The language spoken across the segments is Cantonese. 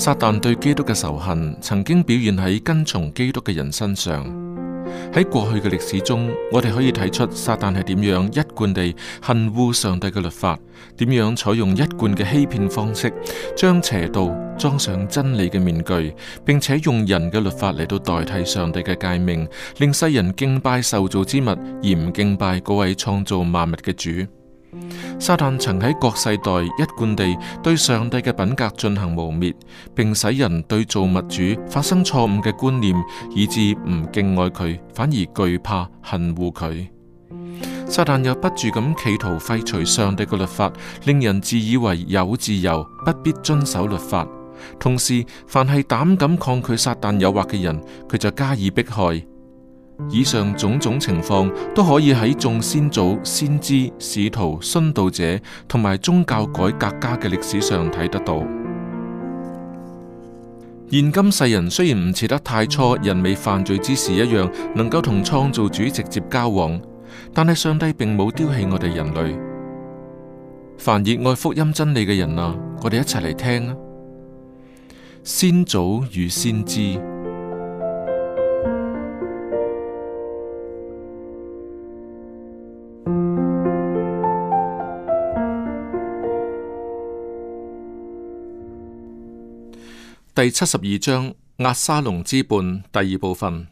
撒旦對基督嘅仇恨，曾經表現喺跟從基督嘅人身上。喺過去嘅歷史中，我哋可以睇出撒旦係點樣一貫地恨惡上帝嘅律法，點樣採用一貫嘅欺騙方式，將邪道裝上真理嘅面具，並且用人嘅律法嚟到代替上帝嘅誡命，令世人敬拜受造之物，而唔敬拜嗰位創造萬物嘅主。撒旦曾喺各世代一貫地對上帝嘅品格進行污衊，並使人對造物主發生錯誤嘅觀念，以致唔敬愛佢，反而懼怕恨惡佢。撒旦又不住咁企圖廢除上帝嘅律法，令人自以為有自由，不必遵守律法。同時，凡係膽敢抗拒撒旦誘惑嘅人，佢就加以迫害。以上種種情況都可以喺眾先祖、先知、使徒、殉道者同埋宗教改革家嘅歷史上睇得到。現今世人雖然唔似得太初人未犯罪之時一樣，能夠同創造主直接交往，但係上帝並冇丟棄我哋人類。凡熱愛福音真理嘅人啊，我哋一齊嚟聽啊！先祖與先知。第七十二章，押沙龍之叛，第二部分。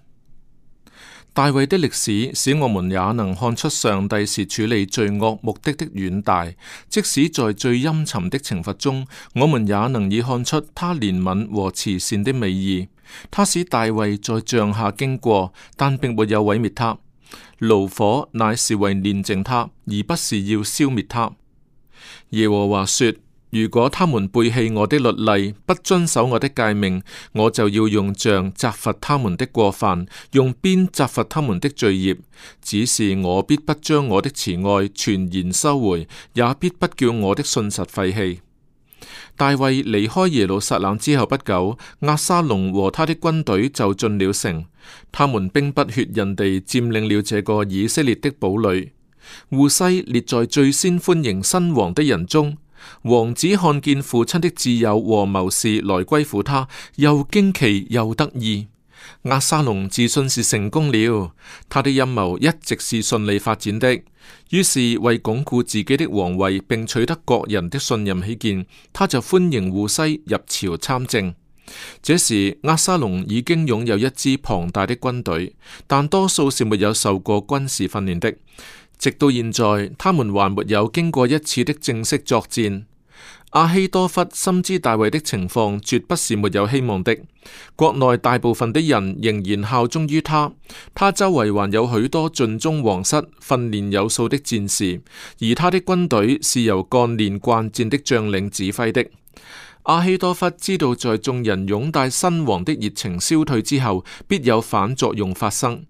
大衛的歷史使我們也能看出上帝是處理罪惡目的的遠大，即使在最陰沉的懲罰中，我們也能以看出他憐憫和慈善的美意。他使大衛在帳下經過，但並沒有毀滅他。爐火乃是為煉淨他，而不是要消滅他。耶和華說。如果他們背棄我的律例，不遵守我的誡命，我就要用杖責罰他們的過犯，用鞭責罰他們的罪孽。只是我必不將我的慈愛全然收回，也必不叫我的信實廢棄。大衛離開耶路撒冷之後不久，押沙龍和他的軍隊就進了城，他們兵不血刃地佔領了這個以色列的堡壘。護西列在最先歡迎新王的人中。王子看見父親的摯友和謀士來歸附他，又驚奇又得意。押沙龍自信是成功了，他的陰謀一直是順利發展的。於是為鞏固自己的皇位，並取得國人的信任起見，他就歡迎胡西入朝參政。這時，阿沙龍已經擁有一支龐大的軍隊，但多數是沒有受過軍事訓練的。直到現在，他們還沒有經過一次的正式作戰。阿希多弗深知大衛的情況絕不是沒有希望的，國內大部分的人仍然效忠於他，他周圍還有許多盡忠皇室、訓練有素的戰士，而他的軍隊是由幹練慣戰的將領指揮的。阿希多弗知道，在眾人擁戴新王的熱情消退之後，必有反作用發生。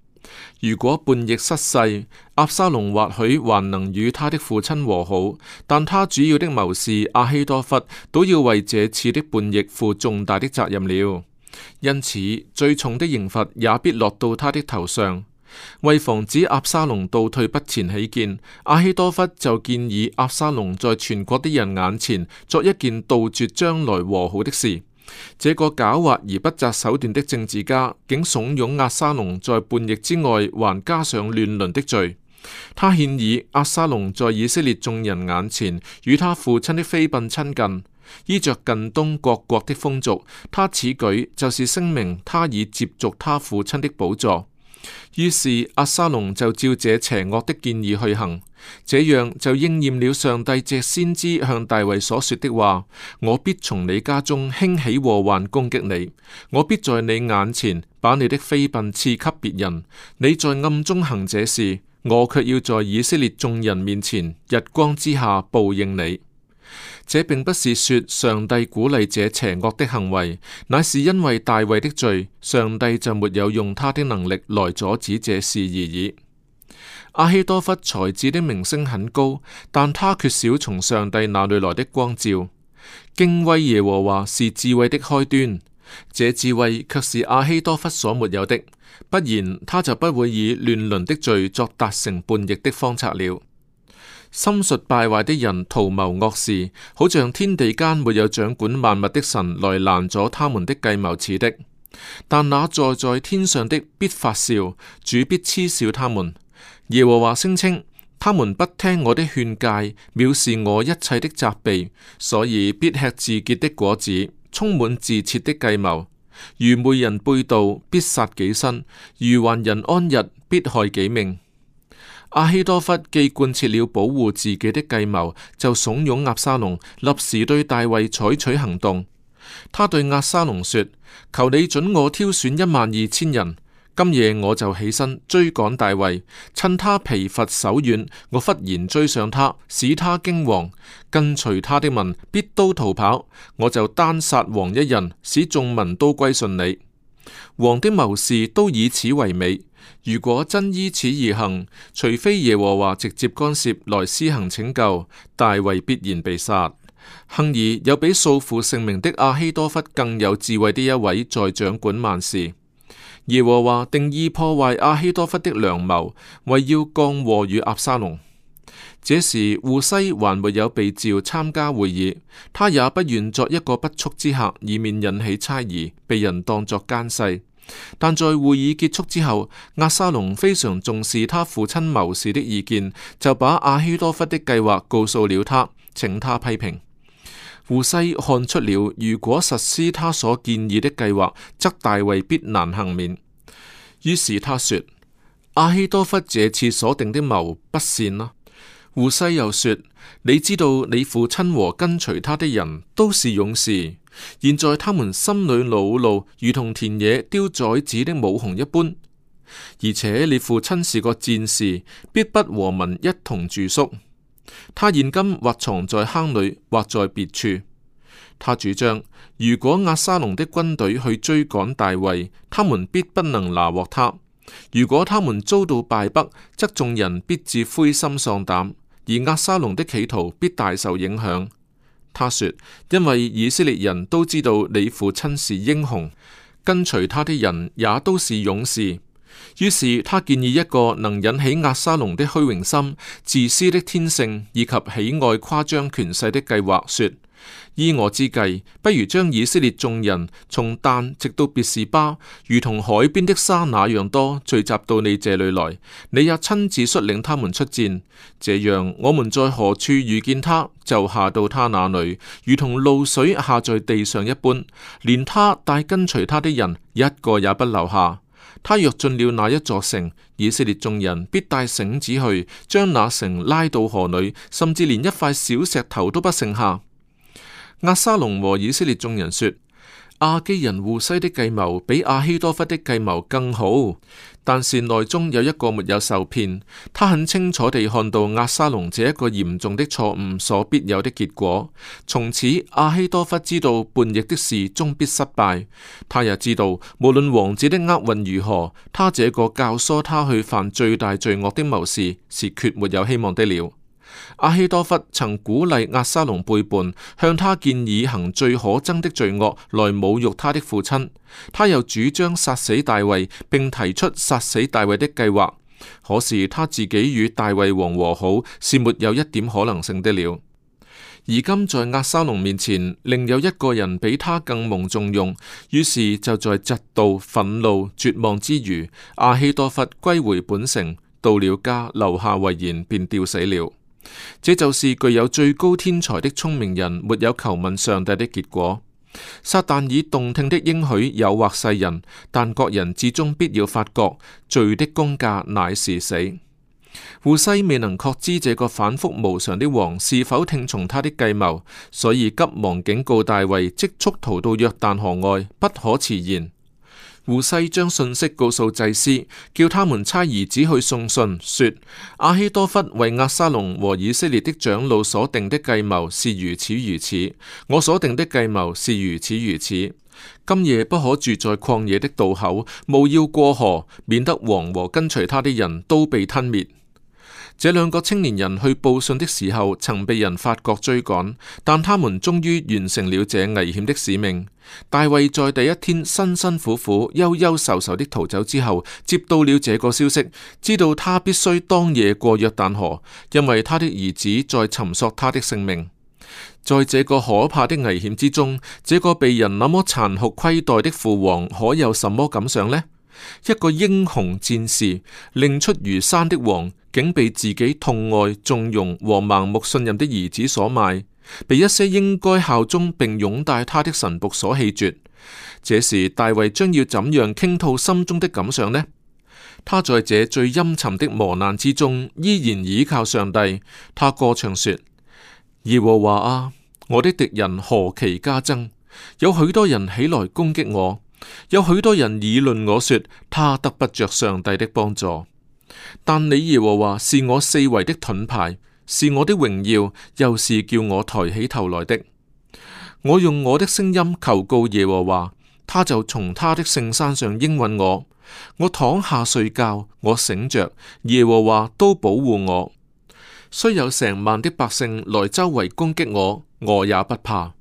如果叛逆失勢，押沙龍或許還能與他的父親和好，但他主要的謀士阿希多弗，都要為這次的叛逆負重大的責任了。因此，最重的刑罰也必落到他的頭上。為防止阿沙龍倒退不前起見，阿希多弗就建議阿沙龍在全國的人眼前作一件杜絕將來和好的事。這個狡猾而不擇手段的政治家，竟慫恿阿沙龍在叛逆之外，還加上亂倫的罪。他建議阿沙龍在以色列眾人眼前與他父親的妃嬪親近。依着近東各國的風俗，他此舉就是聲明他已接續他父親的寶座。於是阿撒龍就照這邪惡的建議去行，這樣就應驗了上帝借先知向大衛所說的話：我必從你家中興起禍患攻擊你，我必在你眼前把你的妃嬪賜給別人，你在暗中行這事，我卻要在以色列眾人面前日光之下報應你。這並不是說上帝鼓勵這邪惡的行為，乃是因為大衛的罪，上帝就沒有用他的能力來阻止這事而已。阿希多弗才智的名聲很高，但他缺少從上帝那裏來的光照。敬畏耶和華是智慧的開端，這智慧却是阿希多弗所沒有的，不然他就不會以亂倫的罪作達成叛逆的方策了。心術敗壞的人圖謀惡事，好像天地間沒有掌管萬物的神來攔阻他們的計謀似的。但那坐在，在天上的必發笑，主必嗤笑他們。耶和華聲稱他們不聽我的勸誡，藐視我一切的責備，所以必吃自結的果子，充滿自設的計謀。愚昧人背道必殺己身，愚頑人安逸，必害己命。阿希多弗既貫徹了保護自己的計謀，就慫恿押沙龍立時對大衛採取行動。他對押沙龍說：求你准我挑選一萬二千人，今夜我就起身追趕大衛，趁他疲乏手軟，我忽然追上他，使他驚惶，跟隨他的民必都逃跑，我就單殺王一人，使眾民都歸順你。王的謀士都以此為美。如果真依此而行，除非耶和華直接干涉來施行拯救，大衛必然被殺。幸而有比素負盛名的亞希多弗更有智慧的一位在掌管萬事。耶和華定意破壞亞希多弗的良謀，為要降禍與押沙龍。這時戶西還沒有被召參加會議，他也不願作一個不速之客，以免引起猜疑，被人當作奸細。但在會議結束之後，阿撒隆非常重視他父親謀士的意見，就把阿希多弗的計劃告訴了他，請他批評。胡西看出了如果實施他所建議的計劃，則大衛必難幸免。於是他說：阿希多弗這次所定的謀不善啦。胡西又說：你知道你父親和跟隨他的人都是勇士。現在他們心裏惱怒，如同田野丟崽子的母熊一般。而且你父親是個戰士，必不和民一同住宿。他現今或藏在坑裏，或在別處。他主張：如果押沙龍的軍隊去追趕大衛，他們必不能拿獲他；如果他們遭到敗北，則眾人必至灰心喪膽，而押沙龍的企圖必大受影響。他說，因為以色列人都知道你父親是英雄，跟隨他的人也都是勇士。於是他建議一個能引起亞沙龍的虛榮心、自私的天性以及喜愛誇張權勢的計劃，說。依我之計，不如將以色列眾人從但直到別是巴，如同海邊的沙那樣多，聚集到你這裏來。你也親自率領他們出戰。這樣我們在何處遇見他，就下到他那裏，如同露水下在地上一般，連他帶跟隨他的人一個也不留下。他若進了那一座城，以色列眾人必帶繩子去，將那城拉到河裏，甚至連一塊小石頭都不剩下。阿沙隆和以色列眾人說：阿基人戶西的計謀比阿希多弗的計謀更好，但是內中有一個沒有受騙。他很清楚地看到阿沙隆這一個嚴重的錯誤所必有的結果。從此，阿希多弗知道叛逆的事終必失敗。他也知道無論王子的厄運如何，他這個教唆他去犯最大罪惡的謀士是絕沒有希望的了。阿希多弗曾鼓勵阿沙隆背叛，向他建議行最可憎的罪惡來侮辱他的父親。他又主張殺死大衛，並提出殺死大衛的計劃。可是他自己與大衛王和好是沒有一點可能性的了。而今在阿沙隆面前，另有一個人比他更蒙重用，於是就在嫉妒、憤怒、絕望之餘，阿希多弗歸回本城，到了家，留下遺言，便吊死了。這就是具有最高天才的聰明人，沒有求問上帝的結果。撒旦以動聽的應許誘惑世人，但各人至終必要發覺罪的公價乃是死。戶篩未能確知這個反復無常的王是否聽從他的計謀，所以急忙警告大衛，即速逃到約旦河外，不可遲延。胡西將信息告訴祭司，叫他們差兒子去送信，說：亞希多弗為押沙龍和以色列的長老所定的計謀是如此如此，我所定的計謀是如此如此。今夜不可住在曠野的渡口，務要過河，免得王和跟隨他的人都被吞滅。這兩個青年人去報信的時候，曾被人發覺追趕，但他們終於完成了這危險的使命。大衛在第一天辛辛苦苦、憂憂愁愁的逃走之後，接到了這個消息，知道他必須當夜過約旦河，因為他的兒子在尋索他的性命。在這個可怕的危險之中，這個被人那麼殘酷虧待的父王，可有什麼感想呢？一個英雄戰士，令出如山的王。竟被自己痛愛、縱容和盲目信任的兒子所賣，被一些應該效忠並擁戴他的神僕所棄絕。這時，大衛將要怎樣傾吐心中的感想呢？他在這最陰沉的磨難之中，依然倚靠上帝。他歌唱說：耶和華啊，我的敵人何其加增，有許多人起來攻擊我，有許多人議論我說，他得不着上帝的幫助。但你耶和華是我四圍的盾牌，是我的榮耀，又是叫我抬起頭來的。我用我的聲音求告耶和華，他就從他的聖山上應允我。我躺下睡覺，我醒着，耶和華都保護我。雖有成萬的百姓來周圍攻擊我，我也不怕。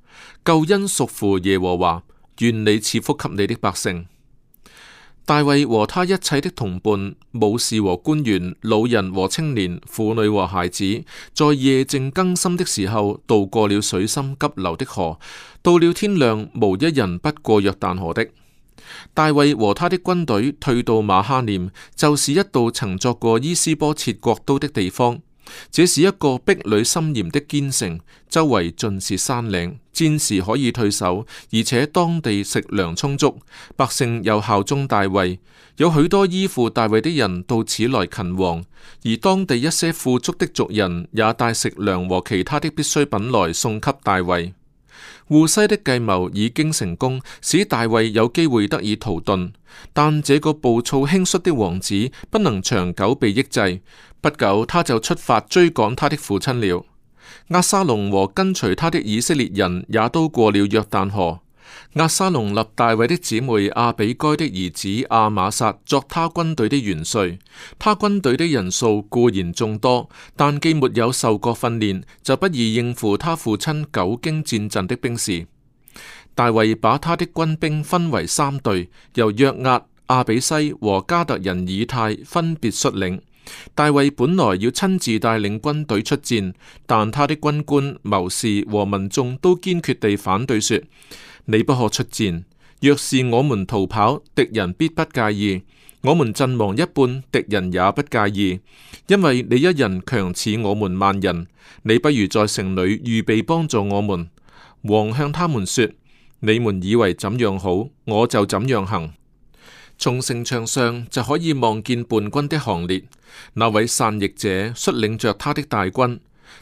救恩屬乎耶和華，願你賜福給你的百姓。大衛和他一切的同伴，武士和官員，老人和青年，婦女和孩子，在夜靜更深的時候渡過了水深急流的河。到了天亮，無一人不過約旦河的。大衛和他的軍隊退到馬哈念，就是一度曾作過伊斯波切國都的地方。這是一個壁壘森嚴的堅城，周圍盡是山嶺，戰時可以退守，而且當地食糧充足，百姓又效忠大衛，有許多依附大衛的人到此來勤王，而當地一些富足的族人也帶食糧和其他的必需品來送給大衛。戶西的計謀已經成功，使大衛有機會得以逃遁，但這個暴躁輕率的王子不能長久被抑制。不久，他就出發追趕他的父親了。阿沙隆和跟隨他的以色列人也都過了約旦河。阿沙隆立大衛的姊妹阿比該的兒子阿瑪撒作他軍隊的元帥。他軍隊的人數固然眾多，但既沒有受過訓練，就不宜應付他父親久經戰陣的兵士。大衛把他的軍兵分為三隊，由約押、阿比西和加特人以太分別率領。大衛本來要親自帶領軍隊出戰，但他的軍官、謀士和民眾都堅決地反對說，說：你不可出戰，若是我們逃跑，敵人必不介意；我們陣亡一半，敵人也不介意，因為你一人強似我們萬人。你不如在城裏預備幫助我們。王向他們說：你們以為怎樣好，我就怎樣行。從城牆上就可以望見叛軍的行列，那位散役者率領着他的大軍。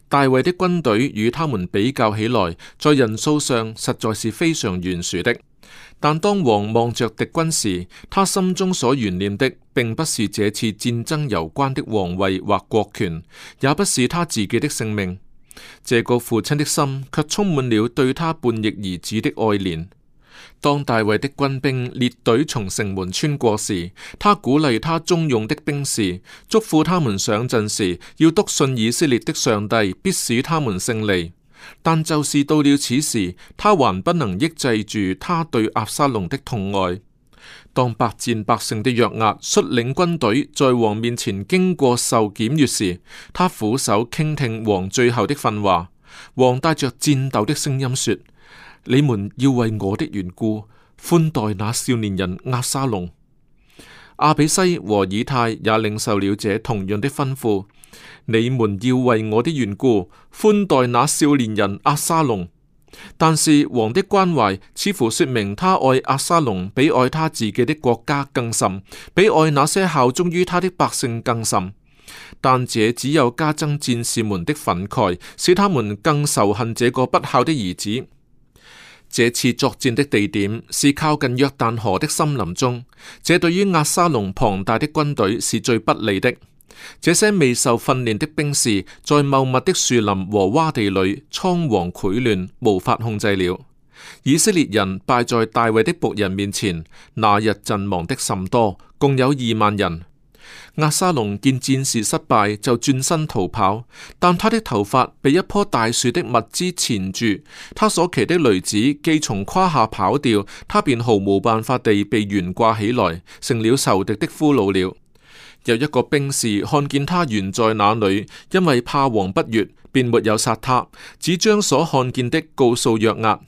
大衛的軍隊與他們比較起來，在人數上實在是非常懸殊的。但當王望着敵軍時，他心中所懸念的，並不是這次戰爭攸關的王位或國權，也不是他自己的性命。這個父親的心卻充滿了對他叛逆兒子的愛憐。當大衛的軍兵列隊從城門穿過時，他鼓勵他忠勇的兵士，囑咐他們上陣時要篤信以色列的上帝，必使他們勝利。但就是到了此時，他還不能抑制住他對押沙龍的痛愛。當百戰百勝的約押率領軍隊在王面前經過受檢閱時，他俯首傾聽王最後的訓話。王帶着戰斗的聲音說。你們要為我的緣故寬待那少年人押沙龍。亞比篩和以太也領受了這同樣的吩咐。你們要為我的緣故寬待那少年人押沙龍。但是王的關懷似乎說明他愛押沙龍比愛他自己的國家更甚，比愛那些效忠於他的百姓更甚。但這只有加增戰士們的憤慨，使他們更仇恨這個不孝的兒子。這次作戰的地點是靠近約旦河的森林中，這對於押沙龍龐大的軍隊是最不利的。這些未受訓練的兵士在茂密的樹林和窪地裏倉皇潰亂，無法控制了。以色列人敗在大衛的僕人面前，那日陣亡的甚多，共有二萬人。亞沙龍見戰事失敗，就轉身逃跑。但他的頭髮被一棵大樹的密枝纏住，他所騎的驢子既從胯下跑掉，他便毫無辦法地被懸掛起來，成了仇敵的俘虜了。有一個兵士看見他懸在那裏，因為怕王不悅，便沒有殺他，只將所看見的告訴約押。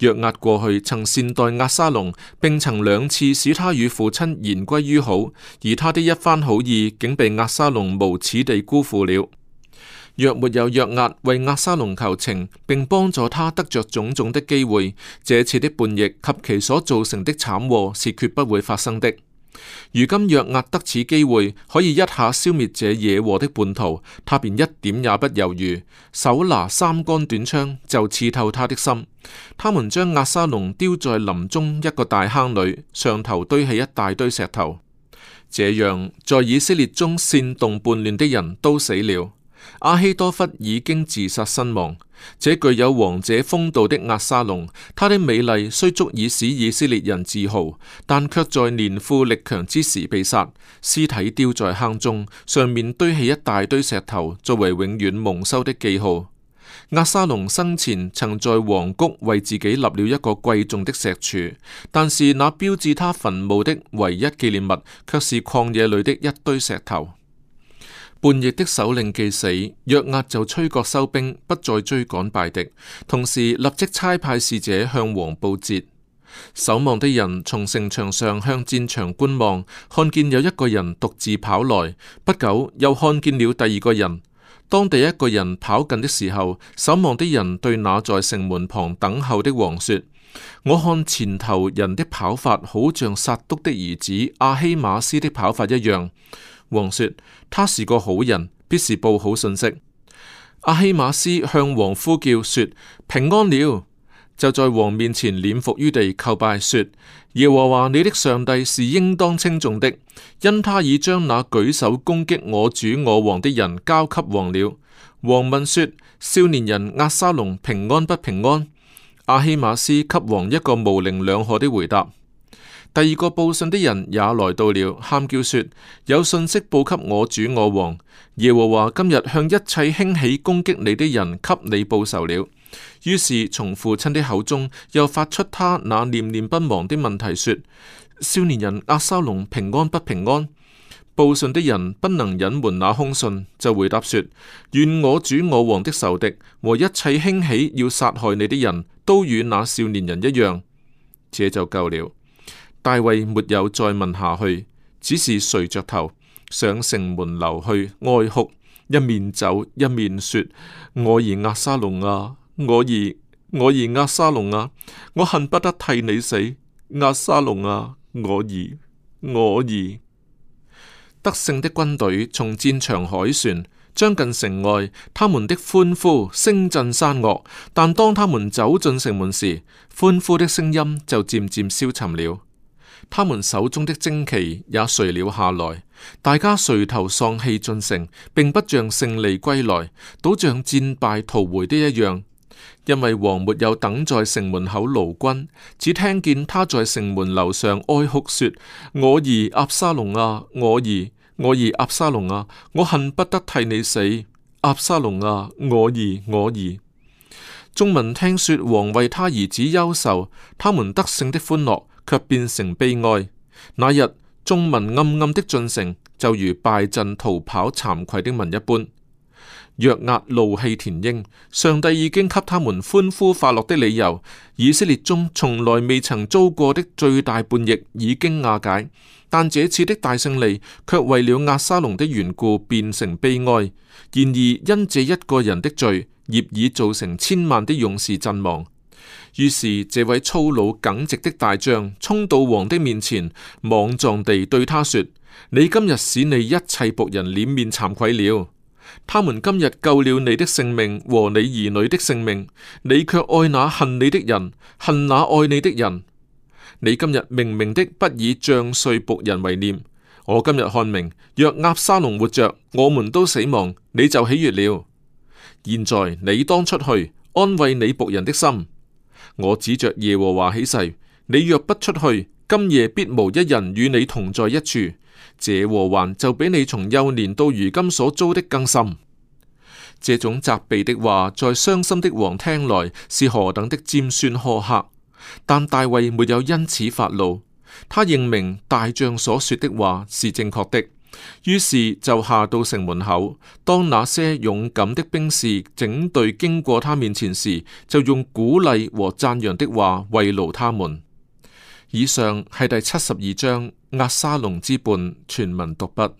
約押過去曾善待押沙龍，並曾兩次使他與父親言歸於好，而他的一番好意竟被押沙龍無恥地辜負了。若沒有約押為押沙龍求情，並幫助他得着種種的機會，這次的叛逆及其所造成的慘禍是決不會發生的。如今若壓得此機會，可以一下消滅這野禍的叛徒，他便一點也不猶豫，手拿三杆短槍就刺透他的心。他們將押沙龍丟在林中一個大坑裏，上頭堆起一大堆石頭。這樣，在以色列中煽動叛亂的人都死了。亞希多弗已經自殺身亡。這具有王者風度的押沙龍，他的美麗雖足以使以色列人自豪，但卻在年富力強之時被殺，屍體丟在坑中，上面堆起一大堆石頭，作為永遠蒙羞的記號。押沙龍生前曾在王谷為自己立了一個貴重的石柱，但是那標誌他墳墓的唯一紀念物，卻是曠野裏的一堆石頭。叛逆的首領既死，約押就吹角收兵，不再追趕敗敵，同時立即差派使者向王報捷。守望的人從城牆上向戰場觀望，看見有一個人獨自跑來，不久又看見了第二個人。當第一個人跑近的時候，守望的人對那在城門旁等候的王說：我看前頭人的跑法，好像殺督的兒子阿希馬斯的跑法一樣。王說：他是個好人，必是報好信息。阿希馬斯向王呼叫說：平安了！就在王面前，臉伏於地叩拜說：耶和華你的上帝是應當稱頌的，因他已將那舉手攻擊我主我王的人交給王了。王問說：少年人押沙龍平安不平安？阿希馬斯給王一個模棱兩可的回答。第二個報信的人也來到了，喊叫說：有信息報給我主我王！耶和華今日向一切興起攻擊你的人，給你報仇了。於是從父親的口中又發出他那念念不忘的問題，說：少年人押沙龍平安不平安？報信的人不能隱瞞那凶信，就回答說：願我主我王的仇敵和一切興起要殺害你的人都與那少年人一樣，這就夠了。大衛沒有再問下去，只是垂着頭上城門樓去哀哭，一面走一面說：我兒押沙龍啊，我兒我兒押沙龍啊，我恨不得替你死，押沙龍啊，我兒我兒。得勝的軍隊從戰場凱旋，將近城外，他們的歡呼聲震山岳。但當他們走進城門時，歡呼的聲音就漸漸消沉了。他們手中的旌旗也垂了下來，大家垂頭喪氣進城，並不像勝利歸來，倒像戰敗逃回的一樣。因為王沒有等在城門口勞軍，只聽見他在城門樓上哀哭說：我兒亞沙龍啊，我兒我兒押沙龍啊，我恨不得替你死，押沙龍啊，我兒我兒。眾民聽說王為他兒子憂愁，他們得勝的歡樂。卻變成悲哀。那日眾民暗暗的進城，就如敗陣逃跑、慚愧的民一般。約押怒氣填膺，上帝已經給他們歡呼快樂的理由。以色列中從來未曾遭過的最大叛逆已經瓦解，但這次的大勝利卻為了押沙龍的緣故變成悲哀。然而因這一個人的罪，業已造成千萬的勇士陣亡。於是，這位粗魯耿直的大將衝到王的面前，莽撞地對他說：你今日使你一切僕人臉面慚愧了。他們今日救了你的性命和你兒女的性命，你却愛那恨你的人，恨那愛你的人。你今日明明的不以將帥僕人為念，我今日看明，若押沙龍活着，我們都死亡，你就喜悦了。現在你當出去安慰你僕人的心。我指着耶和華起誓，你若不出去，今夜必無一人與你同在一處。這禍患就比你從幼年到如今所遭的更甚。這種責備的話，在傷心的王聽來是何等的尖酸苛刻，但大衛沒有因此發怒，他認明大將所說的話是正確的。於是就下到城門口，當那些勇敢的兵士整隊經過他面前時，就用鼓勵和讚揚的話慰勞他們。以上係第七十二章《押沙龍之伴》全民筆，全文讀畢。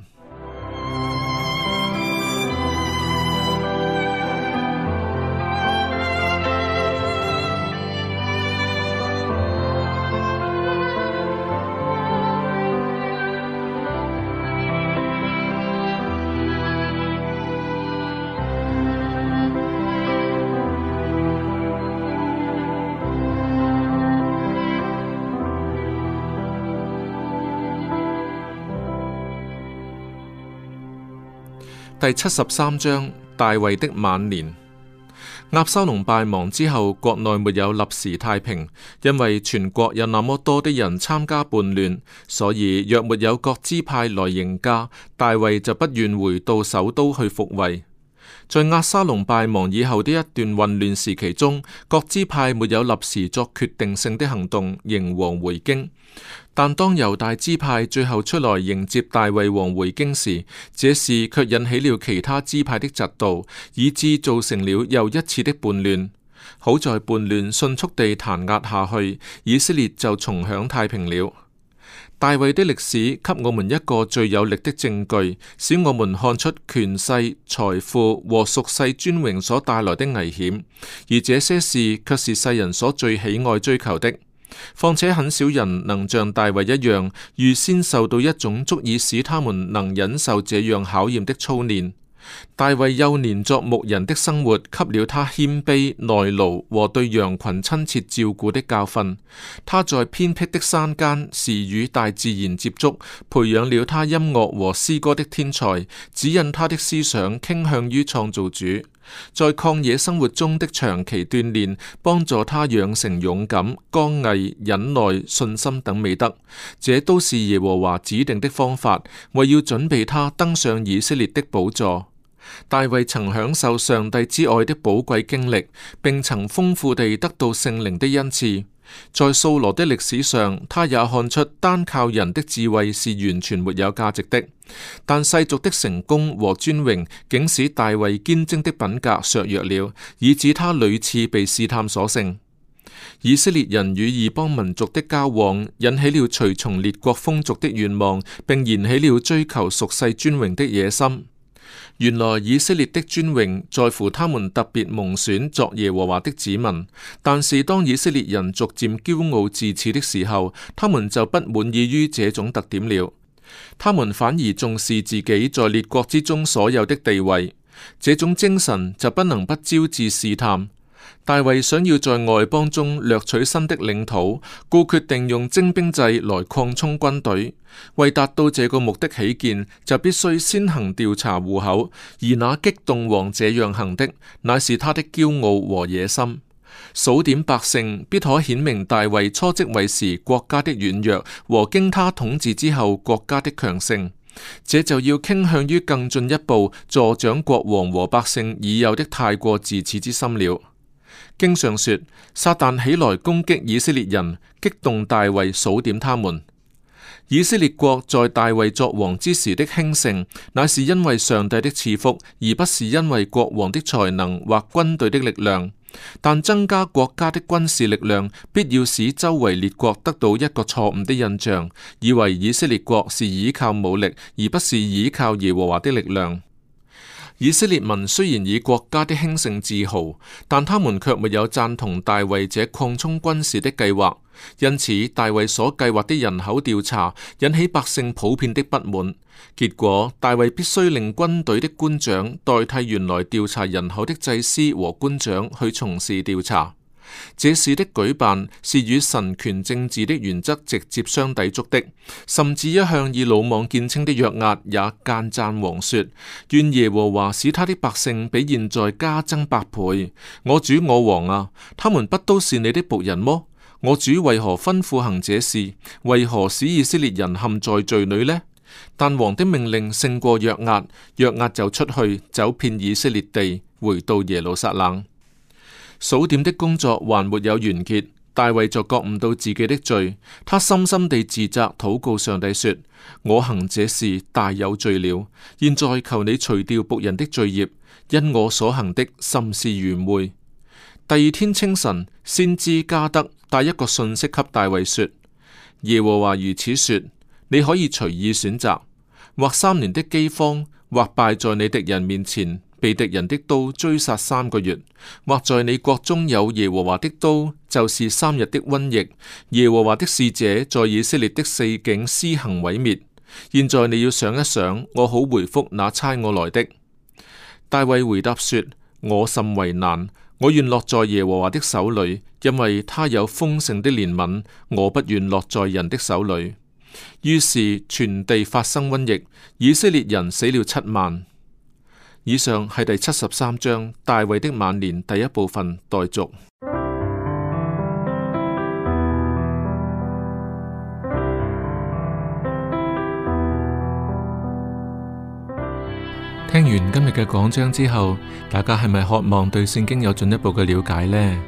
第七十三章大衛的晚年。押沙龍敗亡之後，國內沒有立時太平，因為全國有那麼多的人參加叛亂，所以若沒有各支派來迎駕，大衛就不願回到首都去復位。在押沙龍敗亡以後的一段混亂時期中，各支派沒有立時作決定性的行動，迎王回京。但當猶大支派最後出來迎接大衛王回京時，這事卻引起了其他支派的嫉妒，以致造成了又一次的叛亂。好在叛亂迅速地彈壓下去，以色列就重享太平了。大衛的歷史給我們一個最有力的證據，使我們看出權勢、財富和俗世尊榮所帶來的危險，而這些事卻是世人所最喜愛追求的。況且很少人能像大衛一樣，預先受到一種足以使他們能忍受這樣考驗的操練。大衛幼年作牧人的生活，給了他謙卑、耐勞和對羊群親切照顧的教訓。他在偏僻的山間時與大自然接觸，培養了他音樂和詩歌的天才，指引他的思想傾向於創造主。在曠野生活中的長期鍛煉，幫助他養成勇敢、剛毅、忍耐、信心等美德。這都是耶和華指定的方法，為要準備他登上以色列的寶座。大衛曾享受上帝之愛的寶貴經歷，並曾豐富地得到聖靈的恩賜。在掃羅的歷史上，他也看出單靠人的智慧是完全沒有價值的。但世俗的成功和尊榮，竟使大衛堅貞的品格削弱了，以致他屢次被試探所勝。以色列人與異邦民族的交往，引起了隨從列國風俗的願望，並燃起了追求俗世尊榮的野心。.原來以色列的尊榮在乎他們特別蒙選作耶和華的子民，但是當以色列人逐漸驕傲自恃的時候，他們就不滿意於這種特點了。他們反而重視自己在列國之中所有的地位，這種精神就不能不招致試探。大衛想要在外邦中掠取新的領土，故決定用征兵制來擴充軍隊。為達到這個目的起見，就必須先行調查戶口。而那激動王這樣行的，乃是他的驕傲和野心。數點百姓，必可顯明大衛初即位時國家的軟弱，和經他統治之後國家的強盛。這就要傾向於更進一步助長國王和百姓已有的太過自恃之心了。經上說，撒旦起來攻擊以色列人，激動大衛數點他們。以色列國在大衛作王之時的興盛，乃是因為上帝的賜福，而不是因為國王的才能或軍隊的力量。但增加國家的軍事力量，必要使周圍列國得到一個錯誤的印象，以為以色列國是倚靠武力，而不是倚靠耶和華的力量。以色列民雖然以國家的興盛自豪，但他們卻沒有贊同大衛這擴充軍事的計劃。因此，大衛所計劃的人口調查引起百姓普遍的不滿。結果，大衛必須令軍隊的官長代替原來調查人口的祭司和官長去從事調查。這事的舉辦是與神權政治的原則直接相抵觸的，甚至一向以魯莽見稱的約押也間讚王說：願耶和華使他的百姓比現在加增百倍！我主我王啊，他們不都是你的僕人麼？我主為何吩咐行這事？為何使以色列人陷在罪裏呢？但王的命令勝過約押，約押就出去走遍以色列地，回到耶路撒冷。數點的工作還沒有完結，大衛就覺悟到自己的罪，他深深地自責，禱告上帝說：我行這事大有罪了，現在求你除掉僕人的罪孽，因我所行的，甚是愚昧。第二天清晨，先知加德帶一個信息給大衛說：耶和華如此說，你可以隨意選擇，或三年的饑荒，或敗在你敵人面前。被敵人的刀追殺三個月，或在你國中有耶和華的刀，就是三日的瘟疫。耶和華的使者在以色列的四境施行毀滅。現在你要想一想，我好回復那差我來的。大衛回答說：我甚為難，我願落在耶和華的手裏，因為他有豐盛的憐憫，我不願落在人的手裏。於是全地發生瘟疫，以色列人死了七萬。以上係第七十三章大衛的晚年第一部分待續。聽完今日嘅講章之後，大家係咪渴望對聖經有進一步嘅了解呢？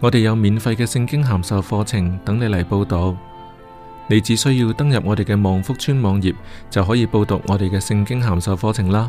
我哋有免費嘅聖經函授課程等你嚟報讀。你只需要登入我哋嘅望福村網頁，就可以報讀我哋嘅聖經函授課程啦。